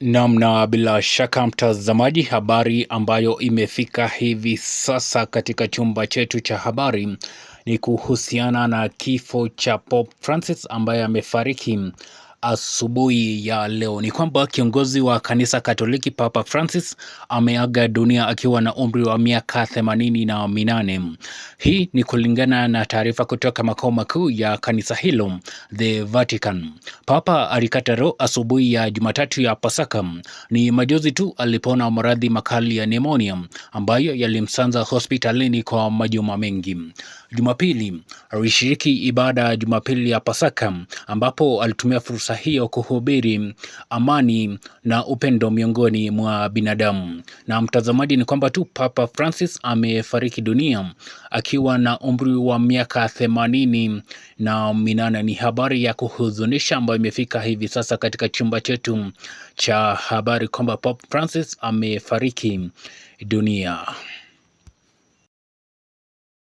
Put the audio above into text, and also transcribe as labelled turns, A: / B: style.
A: Namna bila shaka mtazamaji, habari ambayo imefika hivi sasa katika chumba chetu cha habari ni kuhusiana na kifo cha Pope Francis ambaye amefariki asubuhi ya leo ni kwamba kiongozi wa kanisa Katoliki Papa Francis ameaga dunia akiwa na umri wa miaka themanini na minane. Hii ni kulingana na taarifa kutoka makao makuu ya kanisa hilo the Vatican. Papa alikata roho asubuhi ya Jumatatu ya Pasaka, ni majuzi tu alipona maradhi makali ya pneumonia ambayo yalimsanza hospitalini kwa majuma mengi. Jumapili alishiriki ibada ya Jumapili ya Pasaka ambapo alitumia fursa hiyo kuhubiri amani na upendo miongoni mwa binadamu. Na mtazamaji, ni kwamba tu Papa Francis amefariki dunia akiwa na umri wa miaka themanini na minane. Ni habari ya kuhuzunisha ambayo imefika hivi sasa katika chumba chetu cha habari kwamba Papa Francis amefariki dunia.